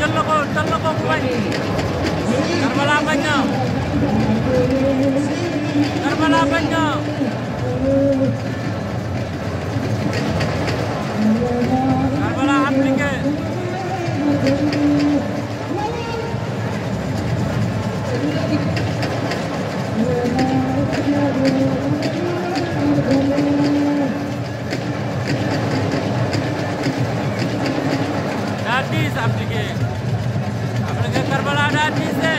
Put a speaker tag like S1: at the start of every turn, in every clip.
S1: طلقوا طلقوا Terpalaban nyo. Terpalaban nyo. Terpalaban nyo. Dadis deh.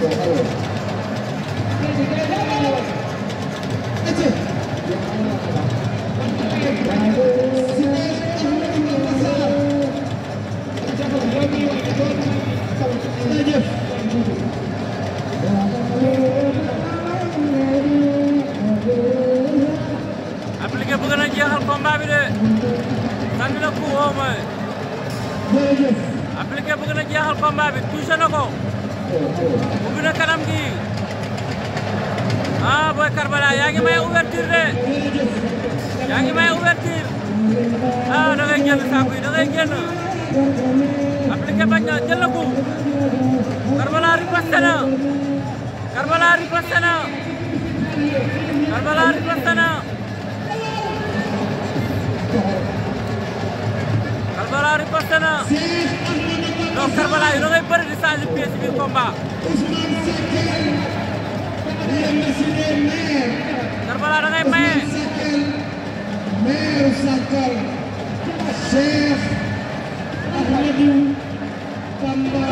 S1: Applicable gonna get help le Babida. Send the pool home. Applicable gonna ubbi na kanam gi ah Boy Karbala yaa ngi may ouverture de yaa ngi may ouverture ah da ngay génn saako yi da ngay génn appliqué bañ na jël na ko Karbala riposte na Karbala riposte na Karbala riposte na Karbala riposte donc Karbala yi da ngay bëri di changer pièce bi combat. Karbala da ngay maye. maire Sakal Cheikh Ahmadou Bamba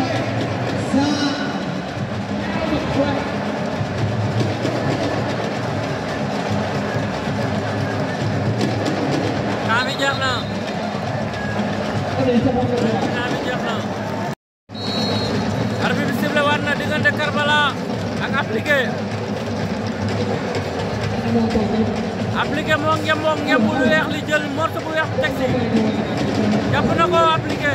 S1: appliqué moo ngemboo ngemb weex li jël morceau bu weex teg si jàpp na ko appliqué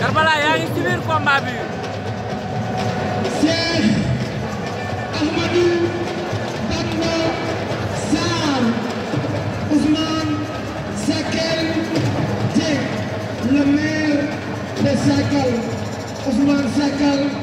S1: Karbala yaa ngi ci biir bi es Se acabó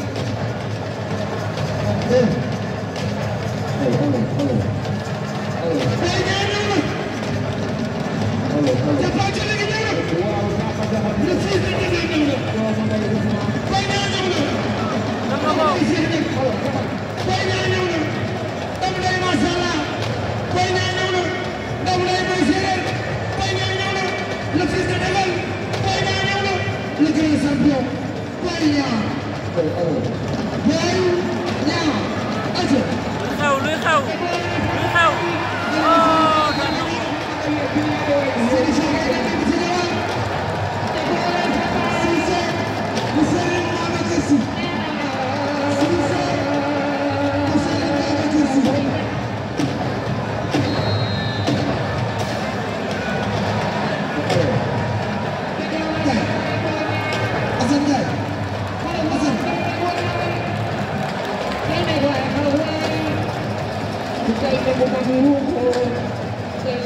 S1: Dari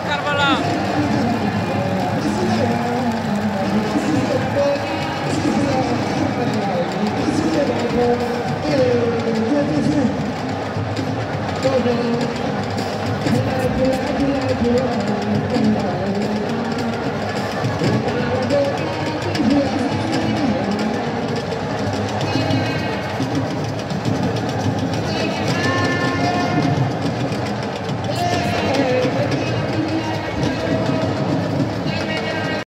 S1: Carvalho. Ana Carvalhal.